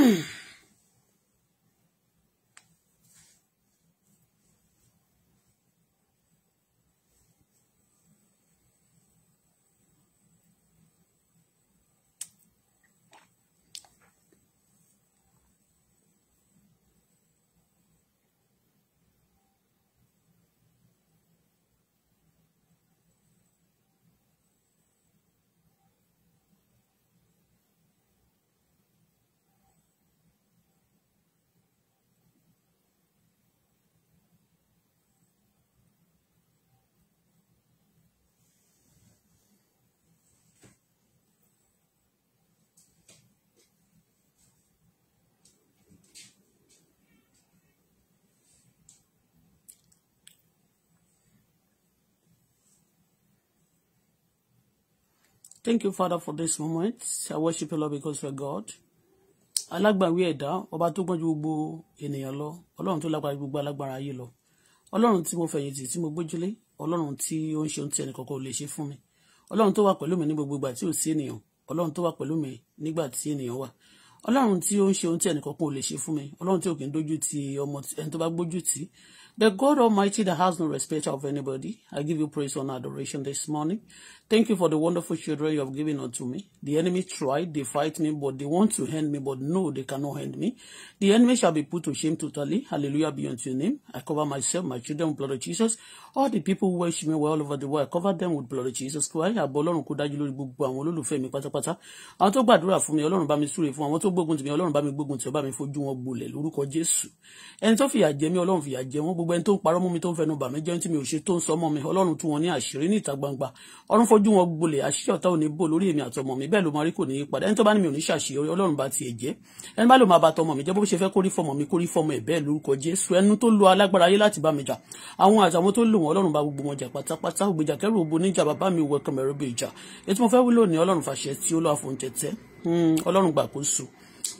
mm Thank you, Father, for this moment. I worship you, Lord, because you're God. Alágbàwí ẹ̀dá, ọba tó gbọ́n ju gbogbo ènìyàn lọ, ọlọ́run tó lágbára gbogbo alágbára ayé lọ. Ọlọ́run tí mo fẹ̀yìntì tí mo gbójúlé, ọlọ́run tí ó ń ṣe ohun tí ẹnì kankan ò lè ṣe fún mi. Ọlọ́run tó wà pẹ̀lú mi ní gbogbo ìgbà tí ò sí ènìyàn, ọlọ́run tó wà pẹ̀lú mi nígbà tí ènìyàn wà. Ọlọ́run tí ó ń ṣe ohun tí ò lè ṣe fún mi, ọlọ́run tí ò kì í dójú ti ọmọ ẹni tó bá gbójú tì í, The God Almighty that has no respect of anybody, I give you praise and adoration this morning. Thank you for the wonderful children you have given unto me. The enemy tried, they fight me, but they want to hand me, but no, they cannot hand me. The enemy shall be put to shame totally. Hallelujah be unto your name. I cover myself, my children, blood of Jesus all the people who worship me were all over the world cover them with blood of Jesus kí wáyé àbọ̀ ọlọ́run kó dájú lórí gbogbo àwọn olólùfẹ́ mi pátápátá àwọn tó gbàdúrà fún mi ọlọ́run bá mi súre fún àwọn tó gbógun tì mí ọlọ́run bá mi gbógun tì ó bá mi fojú wọn gbolẹ̀ lórúkọ Jésù ẹni tó fìyà jẹ mí ọlọ́run fìyà jẹ wọn gbogbo ẹni tó ń parọ́ mú mi tó ń fẹnu bà mí jẹ́ tí mi ò ṣe tó ń sọmọ mi ọlọ́run tú wọn ní àṣírí ní ìta gbangba ọlọ́run fojú wọn gbolẹ̀ àṣírí ọ̀tá ò ní bò lórí èmi àtọmọ mi bẹ́ẹ̀ ló máa rí kò ní í padà ẹni tó bá ní mi ò ní ṣàṣeyọrí ọlọ́run bá tiẹ̀ jẹ́ ẹni bá ló máa ba tọmọ mi jẹ́ bó ṣe fẹ́ kórí fọmọ mi kórí fọmọ ẹ̀ bẹ́ẹ̀ lórúkọ Jésù ẹnu tó lo alágbára ayé láti bá mi jà àwọn àtàwọn tó lò wọn ọlọ́run bá gbogbo wọn jà pátápátá ògbèjà kẹrù ògbó níjà bàbá mi wọ ẹkọ mẹrẹ bí ìjà ètò mo fẹ́ wí lónìí ọlọ́run fàṣẹ tí ó lọ́ àfọ̀njẹ̀tẹ́ ọlọ́run gbàkóso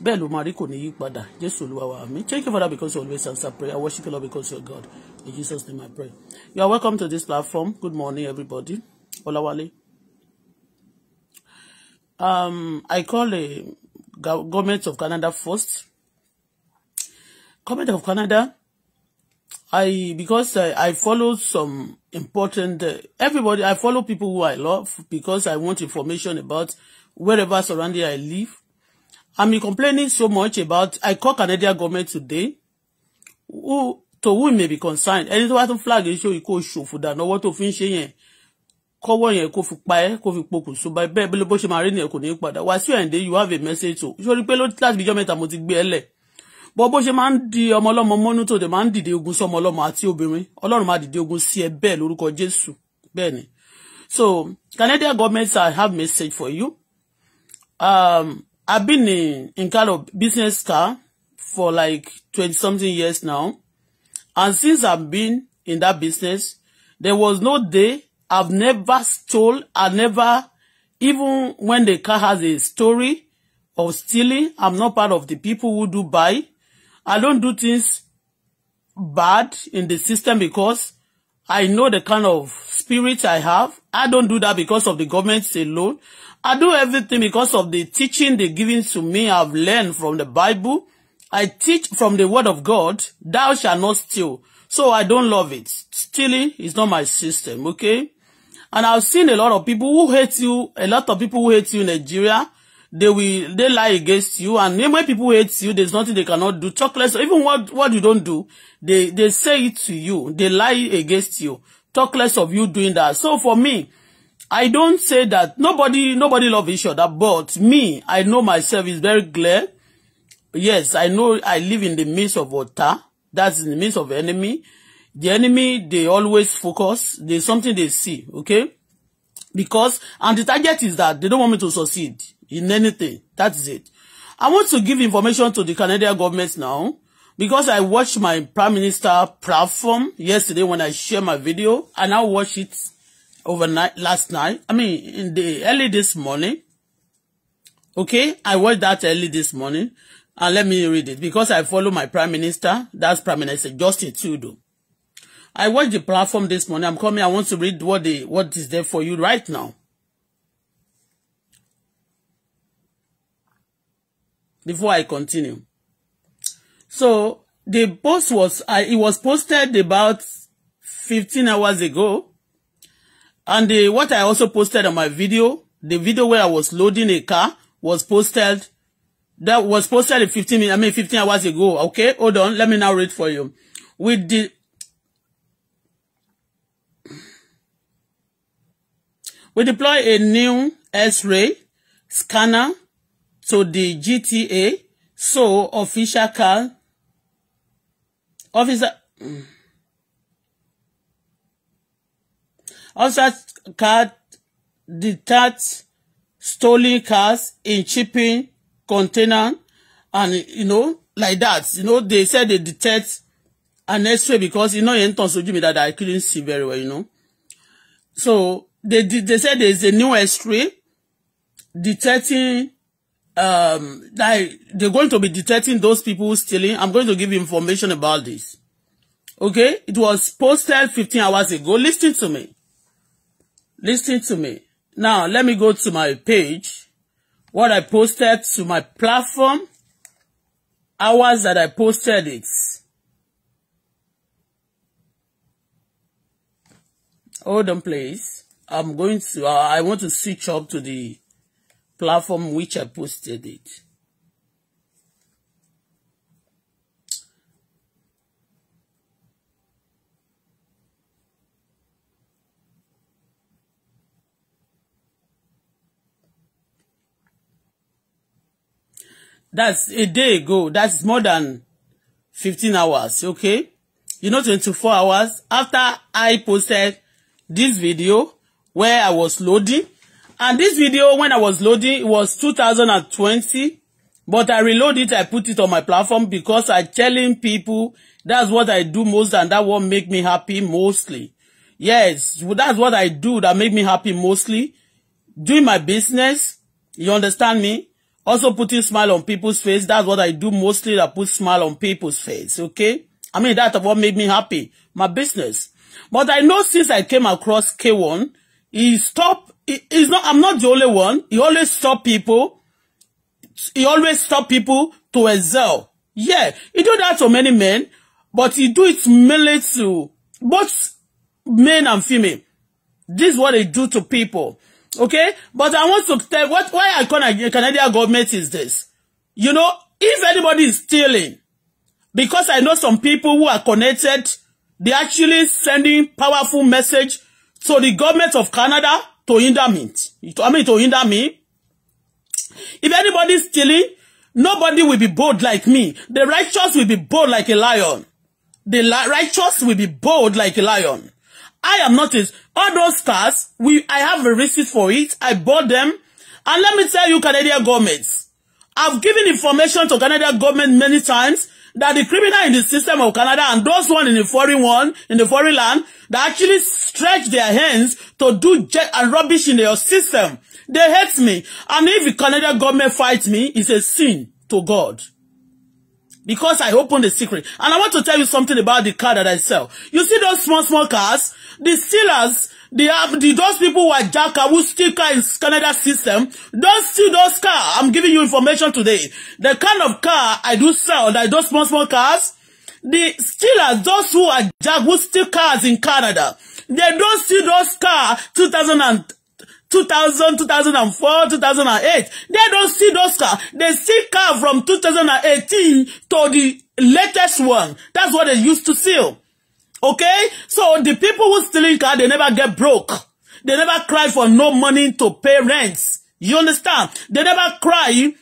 bẹ́ẹ̀ ló máa rí kò ní yí padà jésù olúwa wa mi thank you father because you always answer prayer I worship you lord because you are God in Jesus name I pray you are welcome to this platform good morning everybody Olawale um, I call the government of Canada first government of Canada I because I, I follow some important uh, everybody I follow people who I love because I want information about wherever surrounding I live. I'm complaining so much about I call Canadian government today who to who may be concerned ẹni tó bá tún flag yìí You ikú show for that. No fi to finish here. kọ́wọ́ yẹn kó fi pa ẹ́ kó fi pokùnso báyìí bẹ́ẹ̀ bí ló bó ṣe máa rí nìyẹn kò ní í padà Wàsíù Àyìndé you have a message o ṣó rí pé láti bíjọ́ mẹ́ta mo ti gbé ẹ lẹ̀ bọ́ bó ṣe máa ń di ọmọ ọlọ́mọ mọ́nú tó dẹ̀ máa ń dìde ogun sí ọmọ ọlọ́mọ àti obìnrin ọlọ́run máa dìde ogun sí ẹ bẹ́ẹ̀ lórúkọ jésù bẹ́ẹ̀ ni so Canadian government I have message for you um, I've been in, in kind of business car for like twenty something years now and since I've been in that business there was no day I've never stole I never even when the car has a story of stealing I'm not part of the people who do buy I don't do things bad in the system because I know the kind of spirit I have. I don't do that because of the government alone. I do everything because of the teaching they giving to me. I've learned from the Bible. I teach from the word of God, thou shall not steal. So I don't love it. Stealing is not my system, okay? And I've seen a lot of people who hate you, a lot of people who hate you in Nigeria they will they lie against you and when people hate you there's nothing they cannot do talk less even what what you don't do they they say it to you they lie against you talk less of you doing that so for me I don't say that nobody nobody love each other but me I know myself is very clear yes I know I live in the midst of water that's in the midst of enemy the enemy they always focus there's something they see okay because and the target is that they don't want me to succeed in anything. That's it. I want to give information to the Canadian government now because I watched my Prime Minister platform yesterday when I share my video and I watched it overnight last night. I mean, in the early this morning. Okay, I watched that early this morning. And let me read it because I follow my Prime Minister. That's Prime Minister Justin Trudeau. I watched the platform this morning. I'm coming. I want to read what the what is there for you right now. before I continue. So the post was uh, it was posted about 15 hours ago and the, what I also posted on my video, the video where I was loading a car was posted that was posted 15 I mean 15 hours ago. Okay, hold on, let me now read for you. With the we deploy a new X-ray scanner to the GTA, so official car officer mm. officer can detect stolen cars in shipping container and you know like that you know they said they detect an x-ray because you know yẹn tàn sójú mi that I couldn't see very well you know so they they said there's a new x-ray detecting um like they're going to be detecting those people stealing i'm going to give information about this okay it was posted 15 hours ago listen to me listen to me now let me go to my page what i posted to my platform hours that i posted it hold on please i'm going to uh, i want to switch up to the platform which I posted it. That's a day ago. That's more than 15 hours, okay? You know, 24 hours after I posted this video where I was loading And this video, when I was loading, it was 2020. But I reload it, I put it on my platform because i telling people that's what I do most and that what make me happy mostly. Yes, that's what I do that make me happy mostly. Doing my business, you understand me? Also putting smile on people's face, that's what I do mostly that put smile on people's face, okay? I mean, that's what made me happy, my business. But I know since I came across K1, he stopped he's not I'm not the only one. He always stop people. He always stop people to excel. Yeah, he do that to many men, but he do it mainly to both men and female. This is what they do to people. Okay? But I want to tell what why I call Canadian government is this. You know, if anybody is stealing, because I know some people who are connected, they actually sending powerful message to the government of Canada to hinder me. I mean, to hinder me. If anybody is stealing, nobody will be bold like me. The righteous will be bold like a lion. The righteous will be bold like a lion. I am not a, all those stars, we, I have a receipt for it. I bought them. And let me tell you, Canadian governments, I've given information to Canadian government many times that the criminal in the system of Canada and those one in the foreign one, in the foreign land, that actually stretch their hands to do jet and uh, rubbish in their system. They hate me. And if the Canadian government fights me, it's a sin to God. Because I opened the secret. And I want to tell you something about the car that I sell. You see those small, small cars? The stealers, They have the those people who are jacka who steal car in Canada system don't steal those car I'm giving you information today the kind of car I do sell like those small small cars the stealers those who are jack who steal cars in Canada they don't steal those car 2000 and 2000, 2004, 2008. They don't see those car. They see car from 2018 to the latest one. That's what they used to sell. Okay? So the people who stealing car, they never get broke. They never cry for no money to pay rents. You understand? They never cry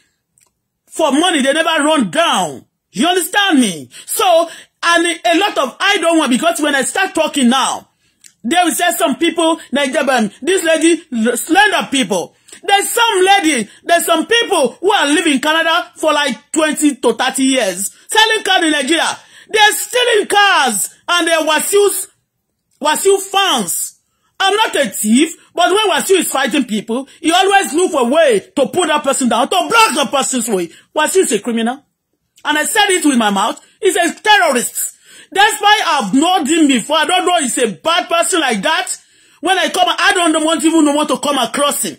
for money. They never run down. You understand me? So, and a lot of, I don't want, because when I start talking now, there will say some people, Nigerian, um, this lady, slender people. There's some lady, there's some people who are living Canada for like 20 to 30 years, selling car in Nigeria. They're stealing cars and they're Wasiu's, Wasiu fans. I'm not a thief, but when Wasiu is fighting people, he always look for a way to put that person down, to block the person's way. Wasiu is a criminal. And I said it with my mouth. He's a terrorist. That's why I've known him before. I don't know he's a bad person like that. When I come, I don't want even want to come across him.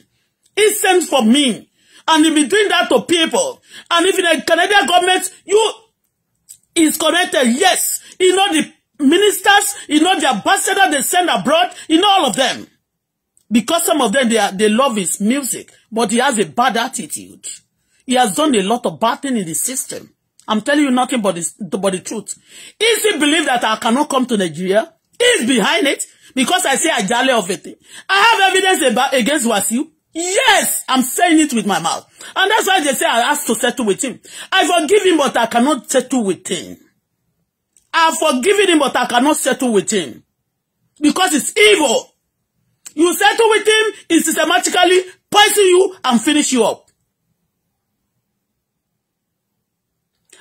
He sends for me. And he be doing that to people. And if in the Canadian government, you is connected. Yes, you know the ministers, you know the ambassador they send abroad, you know all of them. Because some of them, they, are, they love his music, but he has a bad attitude. He has done a lot of bad things in the system. I'm telling you nothing but the, but the truth. Is he believe that I cannot come to Nigeria? He's behind it because I say I Ajale of it. I have evidence about, against Wasiu. Yes, I'm saying it with my mouth. And that's why they say I have to settle with him. I forgive him, but I cannot settle with him. I've forgiven him, but I cannot settle with him. Because it's evil. You settle with him, he systematically poison you and finish you up.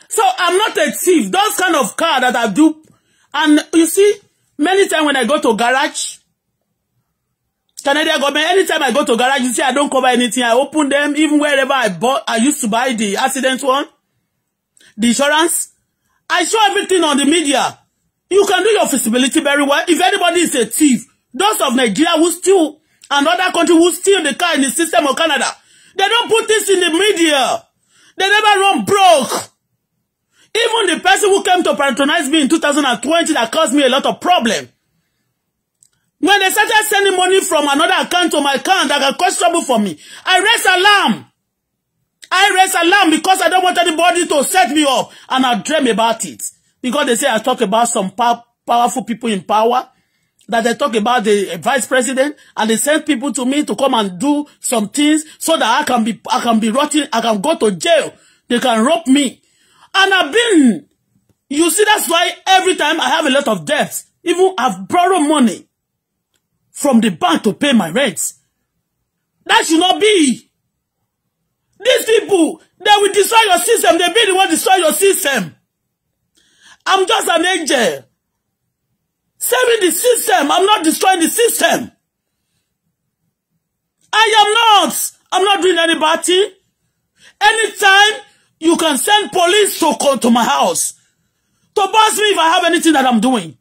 So I'm not a thief. Those kind of car that I do. And you see, many times when I go to garage, Canadian government, anytime I go to garage, you see, I don't cover anything. I open them, even wherever I bought, I used to buy the accident one, the insurance. I show everything on the media. You can do your feasibility very well. If anybody is a thief, those of Nigeria who steal and other country who steal the car in the system of Canada, they don't put this in the media. They never run broke. Even the person who came to patronize me in 2020 that caused me a lot of problem. When they started sending money from another account to my account that can cause trouble for me, I raise alarm. I raise alarm because I don't want anybody to set me up and I dream about it. Because they say I talk about some pow powerful people in power, that they talk about the vice president and they send people to me to come and do some things so that I can be I can be rotting, I can go to jail. They can rope me. And I've been, you see, that's why every time I have a lot of debts, even I've borrowed money from the bank to pay my rent. That should not be. These people, they will destroy your system. They be the one destroy your system. I'm just an angel. Saving the system. I'm not destroying the system. I am not. I'm not doing anybody. Anytime you can send police to come to my house to bust me if I have anything that I'm doing.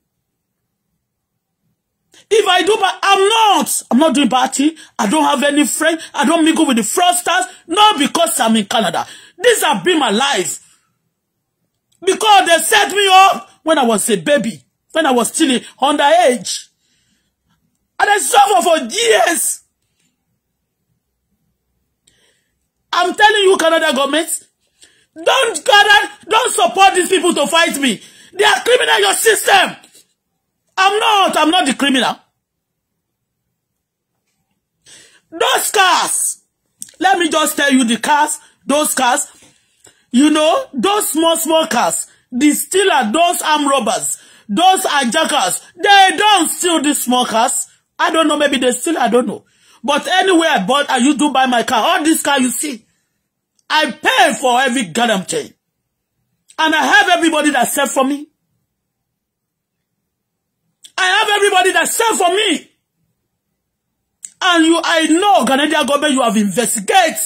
If I do, but I'm not. I'm not doing party. I don't have any friend. I don't mingle with the fraudsters. Not because I'm in Canada. These have been my life. Because they set me up when I was a baby, when I was still underage. And I suffered for years. I'm telling you, Canada government, don't gather, don't support these people to fight me. They are criminal your system. I'm not. I'm not the criminal. Those cars. Let me just tell you the cars. Those cars. You know, those small, small cars. The stealer, those arm robbers, those are jackers. They don't steal these small cars. I don't know. Maybe they steal. I don't know. But anyway, I bought, I used to buy my car. All this car you see, I pay for every goddamn thing. And I have everybody that sell for me. I have everybody that serve for me. And you, I know, Canadian government, you have investigated.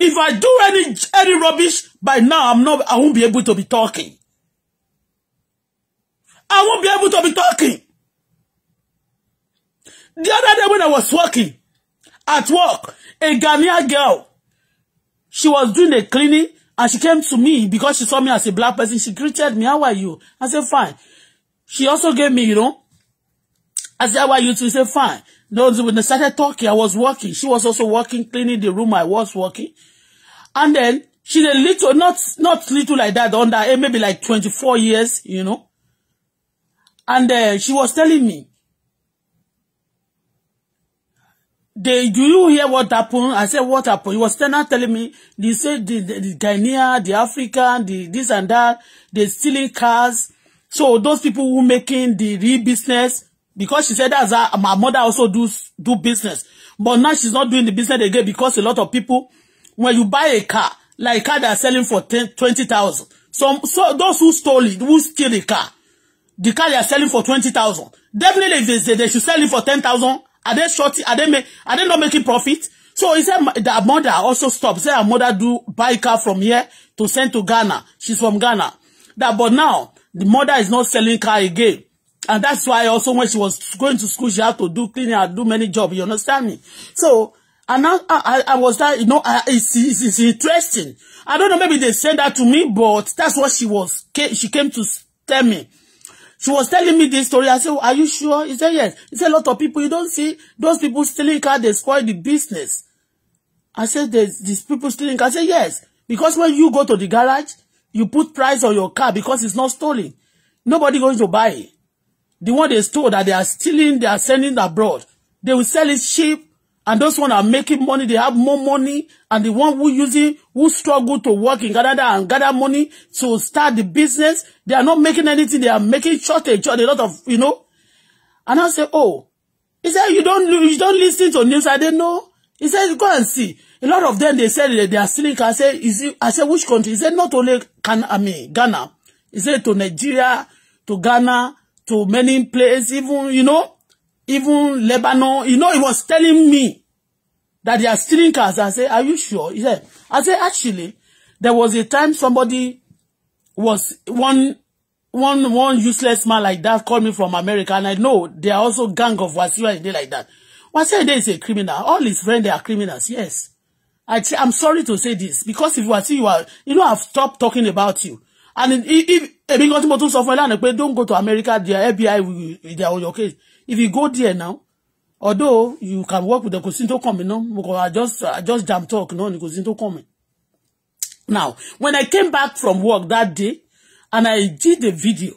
If I do any any rubbish, by now I'm not, I won't be able to be talking. I won't be able to be talking. The other day when I was working, at work, a Ghanaian girl, she was doing a cleaning and she came to me because she saw me as a black person. She greeted me, how are you? I said, fine she also gave me, you know, I said, why you two said, fine. Those when they started talking, I was working. She was also working, cleaning the room. I was working, and then she's a little, not not little like that, under eh, maybe like 24 years, you know. And uh, she was telling me, they, do you hear what happened? I said, what happened? He was standing telling me, they said the, the, the Guinea, the African, the this and that, they're stealing cars. So those people who making the real business, because she said that her, my mother also do do business. But now she's not doing the business again because a lot of people, when you buy a car, like a car that's selling for 10, 20,000, some, so those who stole it, who steal the car, the car they are selling for 20,000, definitely if they say they should sell it for 10,000, are they shorting, are they, make, are they not making profit? So he said the mother also stopped. Say her mother do buy car from here to send to Ghana. She's from Ghana. That but now the mother is not selling car again and that's why also when she was going to school she had to do cleaning and do many jobs you understand me so and now I, I, I was that you know I, it's, it's, it's interesting I don't know maybe they sent that to me but that's what she was she came to tell me she was telling me this story I said are you sure he said yes he said a lot of people you don't see those people stealing car they spoil the business I said there's these people stealing car I said yes because when you go to the garage You put price on your car because it's not stolen. Nobody going to buy it. The one they stole that they are stealing, they are sending abroad. They will sell it cheap. And those one are making money, they have more money. And the one who using, who struggle to work in Canada and gather money to start the business, they are not making anything. They are making shortage, a lot of, you know. And I say, oh, he said, you don't, you don't listen to news. I didn't know. He said, go and see. A lot of them, they said that they are stealing cars. I said, is it, I said, which country? He said, not only can, I mean, Ghana. He said, to Nigeria, to Ghana, to many places, even, you know, even Lebanon. You know, he was telling me that they are stealing cars. I said, are you sure? He said, I said actually, there was a time somebody was one one one useless man like that called me from America, and I know they are also gang of Wasiwa Ayinde like that. Wasiwa Ayinde is a criminal. All his friends, they are criminals, yes. I t I'm sorry to say this because if you are see you are you know I've stopped talking about you and if èmi kan tí mo tún sọ fún ẹ lánàá pé don't go to America their FBI will their own your case if you go there now although you can work with the kò sí come kàn mí náà I just I just jam talk no ni kò sí tó Now when I came back from work that day and I did the video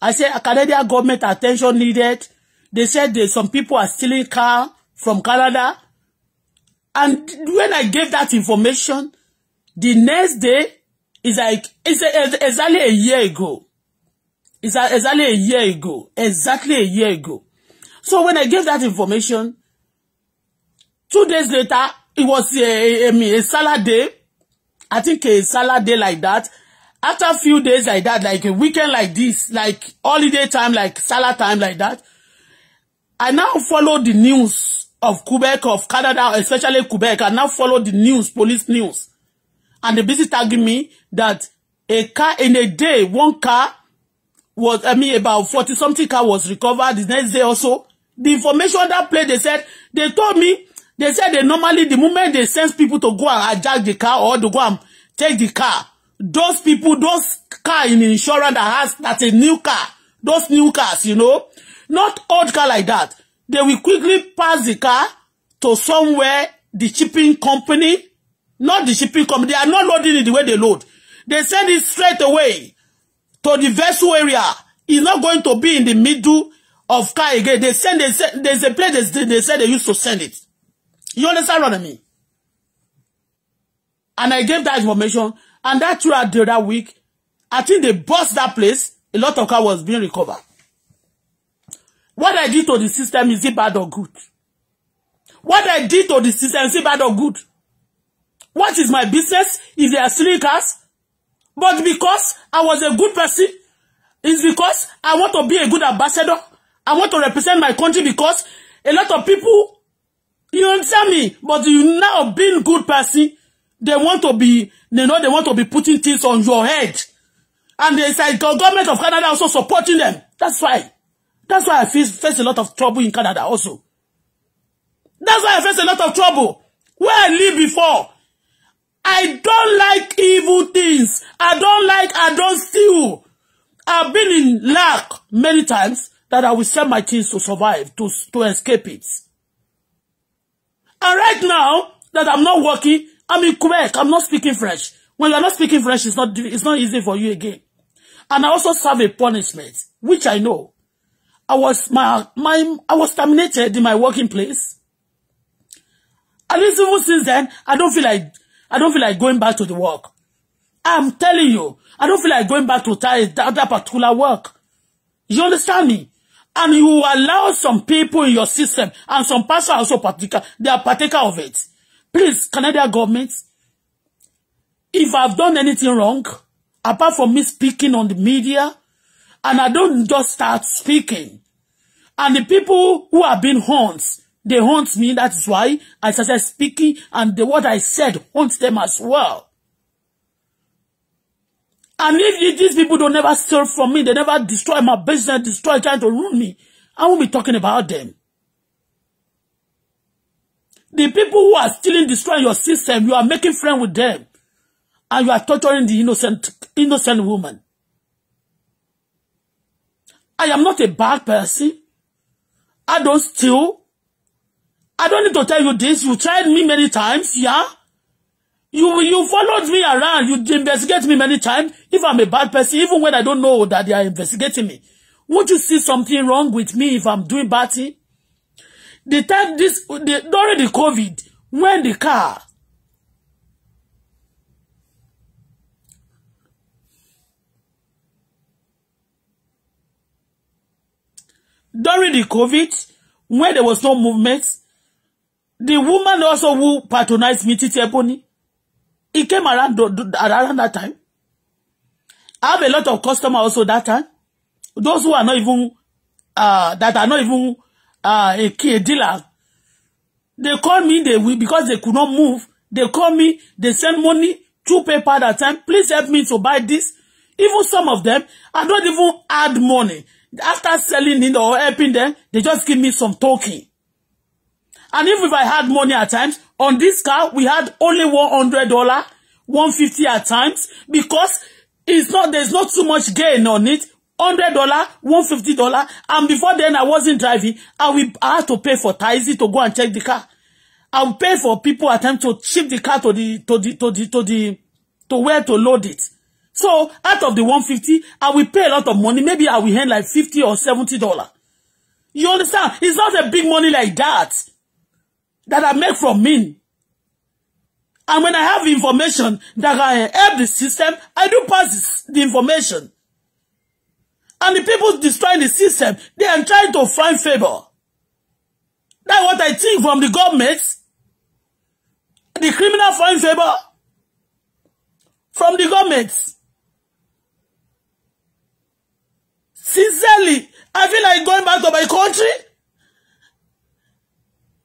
I said Canadian government attention needed they said that some people are stealing car from Canada And when I gave that information, the next day is like it's a, exactly a year ago. It's a, exactly a year ago. Exactly a year ago. So when I gave that information, two days later, it was a, a, a salad day. I think a salad day like that. After a few days like that, like a weekend like this, like holiday time, like salad time like that, I now follow the news of Quebec, of Canada, especially Quebec, and now follow the news, police news. And the busy tagging me that a car in a day, one car was, I mean, about 40 something car was recovered the next day also. The information that played, they said, they told me, they said they normally, the moment they send people to go and hijack the car or to go and take the car, those people, those car in insurance that has, that's a new car, those new cars, you know, not old car like that they will quickly pass the car to somewhere the shipping company, not the shipping company, they are not loading it the way they load. They send it straight away to the vessel area. It's not going to be in the middle of car again. They send, they send there's a place they, they said they used to send it. You understand what I mean? And I gave that information. And that throughout the other week, I think they bust that place. A lot of car was being recovered. What I did to the system, is it bad or good? What I did to the system, is it bad or good? What is my business Is they are cars? But because I was a good person, it's because I want to be a good ambassador. I want to represent my country because a lot of people, you understand me, but you now being good person, they want to be, they know they want to be putting things on your head. And there's like the government of Canada also supporting them. That's why. That's why I face, face a lot of trouble in Canada also. That's why I face a lot of trouble where I live before. I don't like evil things. I don't like, I don't steal. I've been in lack many times that I will sell my things to survive, to, to escape it. And right now that I'm not working, I'm in Quebec, I'm not speaking French. When you're not speaking French, it's not, it's not easy for you again. And I also serve a punishment, which I know. I was my my I was terminated in my working place. At least even since then, I don't feel like I don't feel like going back to the work. I'm telling you, I don't feel like going back to that, that particular work. You understand me? And you allow some people in your system and some person also partaker, they are partaker of it. Please, Canadian government, if I've done anything wrong, apart from me speaking on the media, and I don't just start speaking, And the people who have been haunts, they haunt me. That is why I started speaking and the word I said haunts them as well. And if these people don't never steal from me, they never destroy my business, destroy trying to ruin me, I won't be talking about them. The people who are stealing, destroying your system, you are making friends with them. And you are torturing the innocent, innocent woman. I am not a bad person. I don't steal. I don't need to tell you this. You tried me many times, yeah? You you followed me around. You investigate me many times. If I'm a bad person, even when I don't know that they are investigating me, won't you see something wrong with me if I'm doing bad thing? The time this the, during the COVID, when the car during the COVID, when there was no movement, the woman also who patronized me, Titi Ebony, it came around, around that time. I have a lot of customers also that time. Those who are not even, uh, that are not even uh, a, a dealer, they call me, they will, because they could not move, they call me, they send money through PayPal that time. Please help me to buy this. Even some of them, I don't even add money after selling it or helping them, they just give me some token. And even if I had money at times, on this car, we had only $100, 150 at times, because it's not, there's not too much gain on it. $100, $150, and before then I wasn't driving. I, will, I had to pay for taxi to go and check the car. I will pay for people at times to ship the car to the, to the, to the, to the, to where to load it. So out of the 150, I will pay a lot of money. Maybe I will hand like 50 or 70 dollars. You understand? It's not a big money like that that I make from me. And when I have information that I help the system, I do pass the information. And the people destroying the system, they are trying to find favor. That's what I think from the government. The criminal find favor from the government. Sincerely, I feel like going back to my country.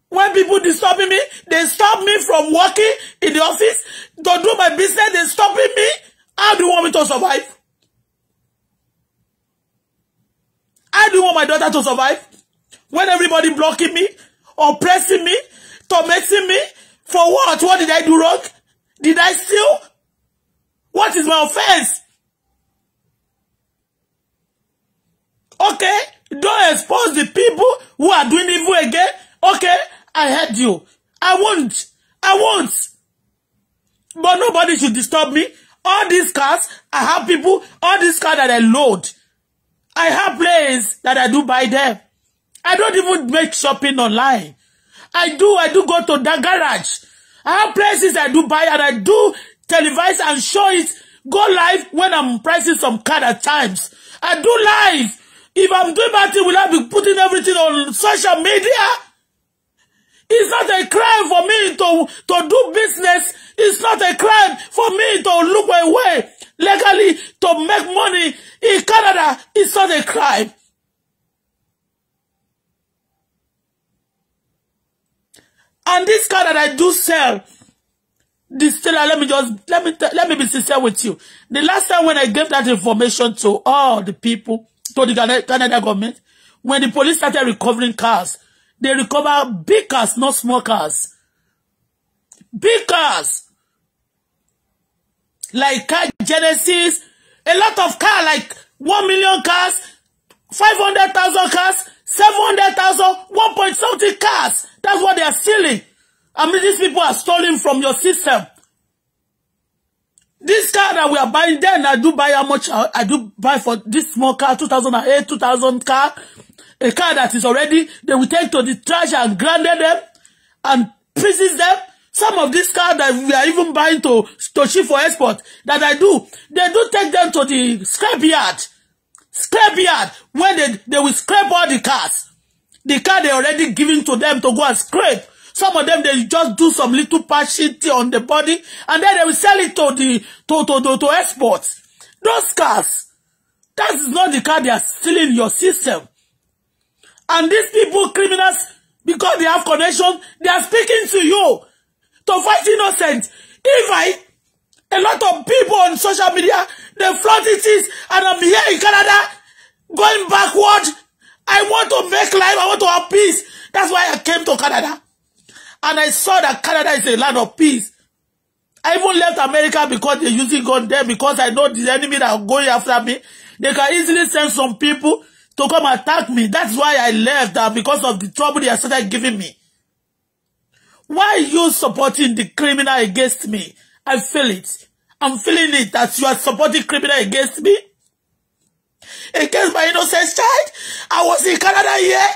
When people disturbing me, they stop me from working in the office Don't do my business. They stopping me. How do you want me to survive? How do you want my daughter to survive? When everybody blocking me, oppressing me, tormenting me, for what? What did I do wrong? Did I steal? What is my offense? expose the people who are doing evil again. Okay, I heard you. I won't. I won't. But nobody should disturb me. All these cars, I have people, all these cars that I load. I have planes that I do buy them. I don't even make shopping online. I do, I do go to the garage. I have places I do buy and I do televise and show it. Go live when I'm pricing some car at times. I do live. If I'm doing bad thing, will I be putting everything on social media? It's not a crime for me to, to do business. It's not a crime for me to look my way legally to make money in Canada. It's not a crime. And this car that I do sell, this Stella, let me just let me let me be sincere with you. The last time when I gave that information to all the people, to the Canada government. When the police started recovering cars, they recover big cars, not small cars. Big cars. Like car Genesis, a lot of car, like 1 million cars, 500,000 cars, 700,000, 1 point something cars. That's what they are stealing. I mean, these people are stealing from your system. This car that we are buying, then I do buy how much I, do buy for this small car, 2008, 2000 car, a car that is already, they will take to the trash and grind them and pieces them. Some of this car that we are even buying to, to ship for export that I do, they do take them to the scrapyard. Scrapyard, when they, they will scrape all the cars. The car they already given to them to go and scrape. Some of them, they just do some little patching on the body and then they will sell it to the to, to, to, to exports. Those cars, that is not the car they are stealing your system. And these people, criminals, because they have connection, they are speaking to you to fight innocent. If I, a lot of people on social media, they flaunt it and I'm here in Canada going backward. I want to make life, I want to have peace. That's why I came to Canada. And I saw that Canada is a land of peace. I even left America because they're using gun there because I know the enemy that are going after me. They can easily send some people to come attack me. That's why I left uh, because of the trouble they started giving me. Why are you supporting the criminal against me? I feel it. I'm feeling it that you are supporting criminal against me. Against my innocent child. I was in Canada here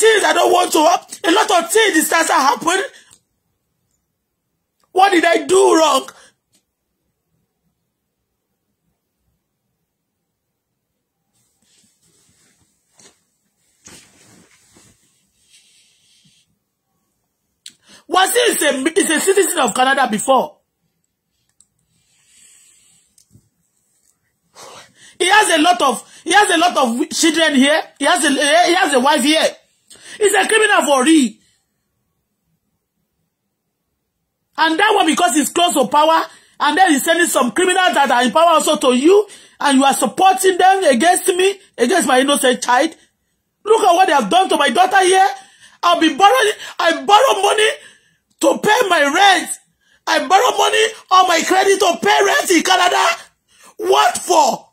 things I don't want to happen. A lot of things disaster happen. What did I do wrong? Was is a, is a citizen of Canada before. He has a lot of he has a lot of children here. He has a he has a wife here. He's a criminal for real. And that one, because he's close to power, and then he's sending some criminals that are in power also to you, and you are supporting them against me, against my innocent child. Look at what they have done to my daughter here. I'll be borrowing, I borrow money to pay my rent. I borrow money on my credit to pay rent in Canada. What for?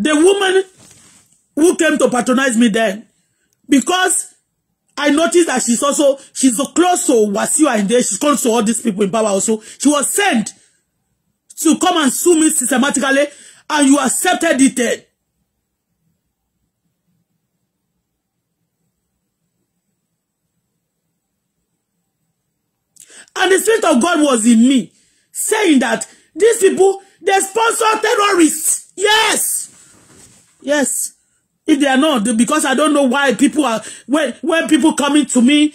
The woman who came to patronize me then, because I noticed that she's also, she's so close to Wasiu Ayinde, she's close to all these people in power also. She was sent to come and sue me systematically, and you accepted it then. And the Spirit of God was in me, saying that these people, they sponsor terrorists. Yes! Yes. If they are not, because I don't know why people are, when, when people coming to me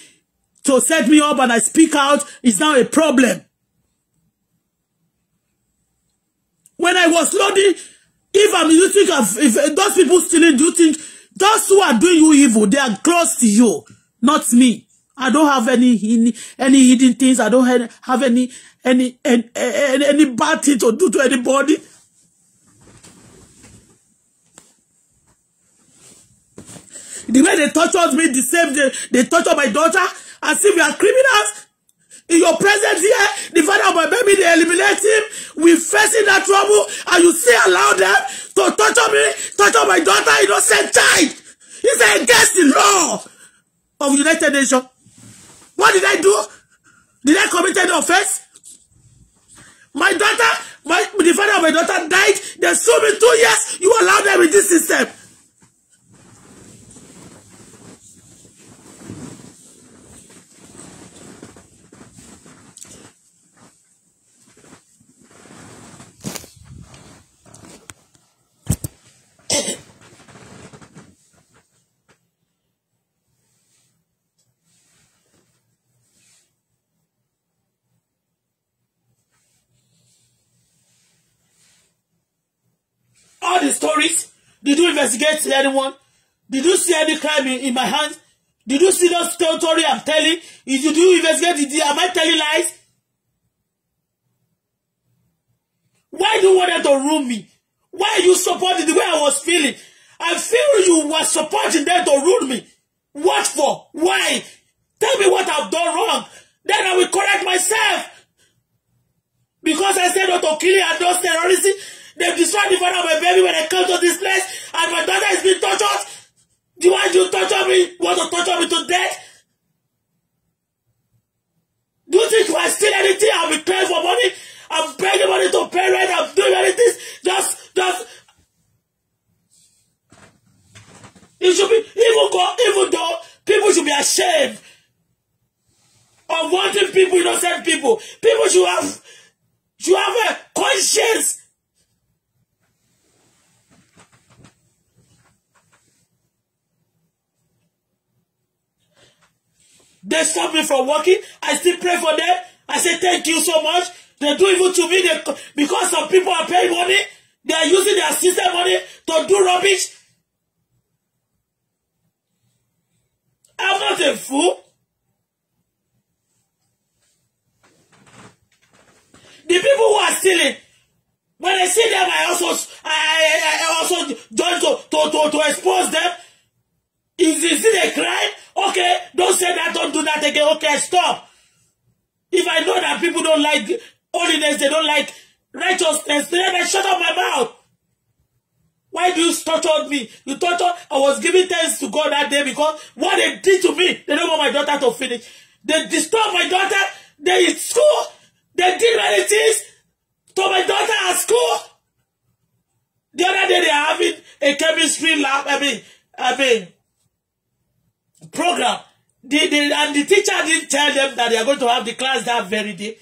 to set me up and I speak out, it's now a problem. When I was loading, if I'm, you think of, if those people stealing, do you think those who are doing you evil, they are close to you, not me. I don't have any any hidden things. I don't have any any any, any bad thing to do to anybody. The way they tortured me, the same they, they tortured my daughter, as if we are criminals. In your presence here, the father of my baby, they eliminate him. We facing that trouble, and you still allow them to torture me, torture my daughter, innocent child. It's against the law of the United Nations. What did I do? Did I commit any offense? My daughter, my, the father of my daughter died. They sued me two years. You allow them in this system. The stories? Did you investigate anyone? Did you see any crime in, in my hands? Did you see those story I'm telling? Did you do investigate? Did, am I telling lies? Why do you want to ruin me? Why you supported the way I was feeling? I feel you were supporting them to ruin me. What for? Why? Tell me what I've done wrong. Then I will correct myself. Because I said not to kill and those terrorists. They destroyed the father of my baby when I came to this place, and my daughter is being tortured. The one you torture me want to torture me to death. Do you think I steal anything? I'll be praying for money. I'm begging money to pay rent. I'm doing anything. Just, just. It should be even go even though people should be ashamed of wanting people, innocent people. People should have, should have a conscience They stop me from working. I still pray for them. I say, thank you so much. They do evil to me they, because some people are paying money. They are using their system money to do rubbish. I'm not a fool. The people who are stealing, when I see them, I also I, I also join to, to, to, to expose them. Is, is it a crime? Okay, Don't say that, don't do that again. Okay, stop. If I know that people don't like holiness, they don't like righteousness, then I shut up my mouth. Why do you torture me? You torture. I was giving thanks to God that day because what they did to me, they don't want my daughter to finish. They disturbed my daughter. They in school. They did many things to my daughter at school. The other day they are having a chemistry lab. I mean, I mean, program the, the, and the teacher didn't tell them that they are going to have the class that very day.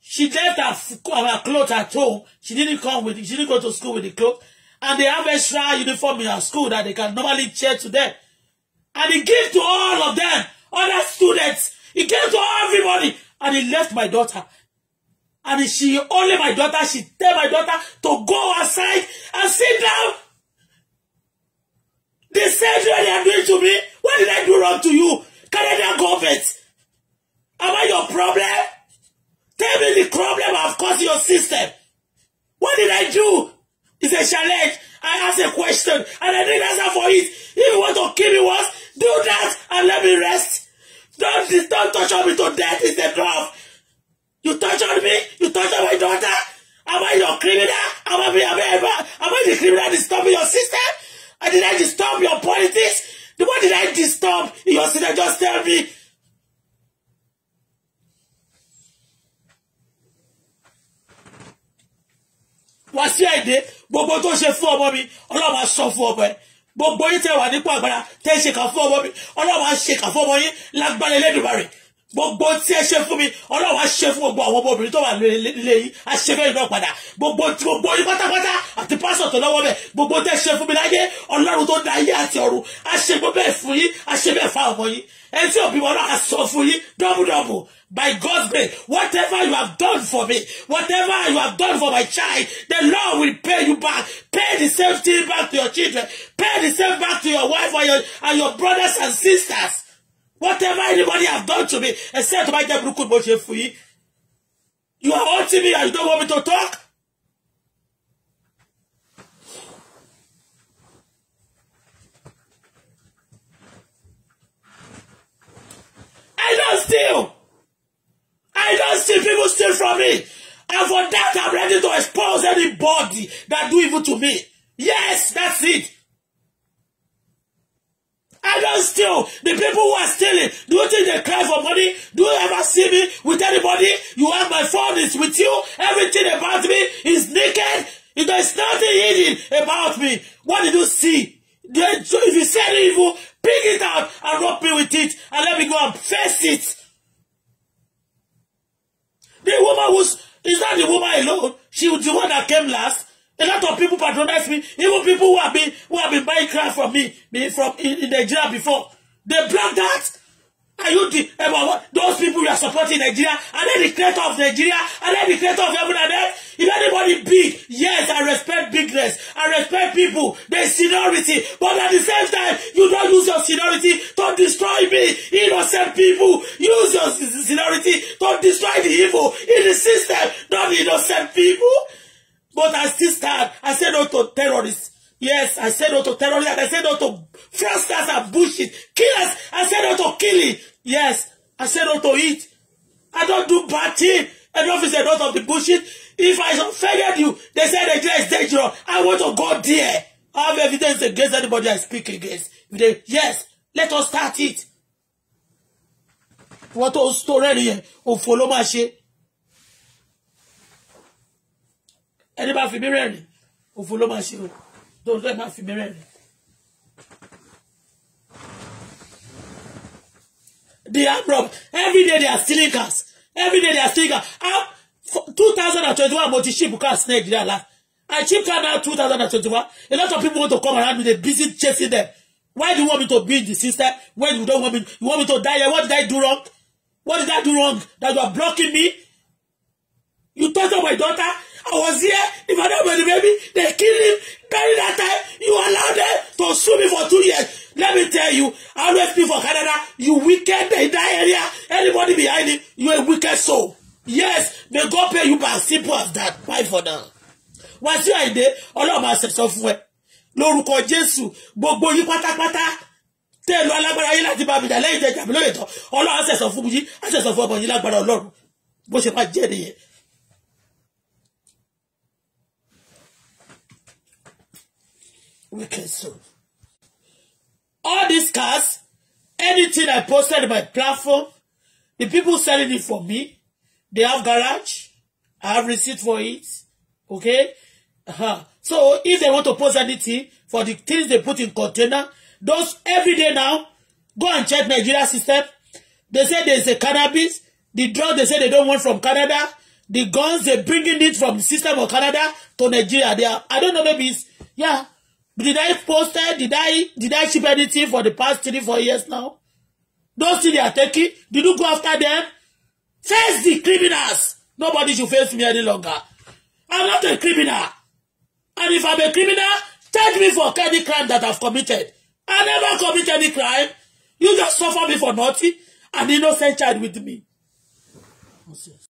She left her, her clothes at home. She didn't come with, she didn't go to school with the clothes. And they have extra uniform in her school that they can normally share to them. And he gave to all of them, other students. He gave to everybody. And he left my daughter. And she, only my daughter, she tell my daughter to go outside and sit down. The same way they are doing to me. What did I do wrong to you? Canadian government. Am I your problem? Tell me the problem I've caused your system. What did I do? It's a challenge. I asked a question and I didn't answer for it. If you want to kill me once, do that and let me rest. Don't, don't torture me to death in the grave. You touch on me. You touch on my daughter. Am I your criminal? Am I, am I, am I, am I the criminal disturbing your system? And did I disturb your politics? The What did I disturb in your sister? Just tell me. wá sí àìdé gbogbo tó ṣe fún ọmọ mi ọlọ́wà sọ fún ọmọ ẹ gbogbo yín tẹ wà nípò àgbára tẹ ṣèkà fún ọmọ mi ọlọ́wà ṣèkà fún ọmọ yín lágbára Elédùmarè gbogbo tí ẹ ṣe fún mi ọlọ́run á ṣe fún gbogbo àwọn ọmọbìnrin tó wà nílé yìí á ṣe bẹ́ẹ̀ náà padà gbogbo tí gbogbo yìí pátápátá àti pásọ̀ tó lọ́wọ́ bẹ̀ gbogbo tí ẹ ṣe fún mi láyé ọlọ́run tó da ayé àti ọ̀run á ṣe gbogbo bẹ́ẹ̀ fún yín á ṣe bẹ́ẹ̀ fáwọn ọmọ yín ẹni tí òbí wọn náà sọ fún yín double double by God's grace whatever you have done for me whatever you have done for my child the Lord will pay you back pay the same thing back to your children pay the same back to your wife and your, and your brothers and sisters whatever anybody have done to me except tó bá jẹ́ burúkú mo ṣe fún yín you are haunting me and you don't want me to talk. I don't steal. I don't steal. People steal from me. And for that, I'm ready to expose anybody that do evil to me. Yes, that's it. I don't steal. The people who are stealing, do you think they cry for money? Do you ever see me with anybody? You have my phone, it's with you. Everything about me is naked. There's nothing hidden about me. What did you see? if you see evil, pick it out and rub me with it and let me go and face it. The woman who's is not the woman alone. She was the one that came last. A lot of people patronize me. Even people who have been who have been buying cars from me, me from in, in Nigeria before. They block that. Are you the about eh, those people you are supporting Nigeria? Are they the creator of Nigeria? Are they the creator of heaven and earth? If anybody big, yes, I respect bigness. I respect people, their seniority. But at the same time, you don't use your seniority to destroy me, innocent people. Use your seniority to destroy the evil in the system, not innocent people. But I still stand. I said no to terrorists. Yes, I said no to terrorists. I said no to fraudsters and bullshit. Killers. I said no to killing. Yes, I said no to it. I don't do bad thing. Enough is enough of the bullshit. If I offended you, they said the Nigeria is dangerous. I want to go there. I have evidence against anybody I speak against. If they, yes, let us start it. What to story here? Oh, follow my shit. ẹni bá fi mí rẹ́rìn òfò ló máa ṣe o tó ń tẹ́ máa fi mí rẹ́rìn. the arm every day they are stealing cars every day they are stealing cars ah two thousand and twenty-one mo ti ship cars Nigeria last I ship car now two thousand and twenty-one a lot of people want to come around me they busy chasing them why do you want me to be in the system when you don't want me you want me to die here what did I do wrong what did I do wrong that you are blocking me you torture my daughter I was here. If I don't have the baby, they kill him. Bury that time. You allow them to sue me for two years. Let me tell you, RFP for Canada, you wicked in that area. Anybody behind it, you a wicked soul. Yes, may God pay you by Simple as that. Why for now. Once you are there, all of us sọ fún ẹ. Lórúkọ Jésù, gbogbo yín pátápátá. Tẹ́ lọ alágbára yín láti bá mi jà lẹ́yìn tẹ́ jà mí lóye tán. Ọlọ́run ṣẹ̀sọ̀ fún yín, á ṣẹ̀sọ̀ fún ọmọ yín lágbára Ọlọ́run. Bó ṣe máa jẹ́ nìyẹn. We can soul. All these cars, anything I posted on my platform, the people selling it for me, they have garage, I have receipt for it, okay? Uh-huh. So if they want to post anything for the things they put in container, those every day now, go and check Nigeria system. They say there's a cannabis, the drug they say they don't want from Canada, the guns They're bringing it from system of Canada to Nigeria. They are, I don't know, maybe it's, yeah, Did I post it? Did I did I ship anything for the past three, four years now? Those things they are taking, did you go after them? Face the criminals. Nobody should face me any longer. I'm not a criminal. And if I'm a criminal, take me for any crime that I've committed. I never commit any crime. You just suffer me for nothing. An innocent child with me. Oh,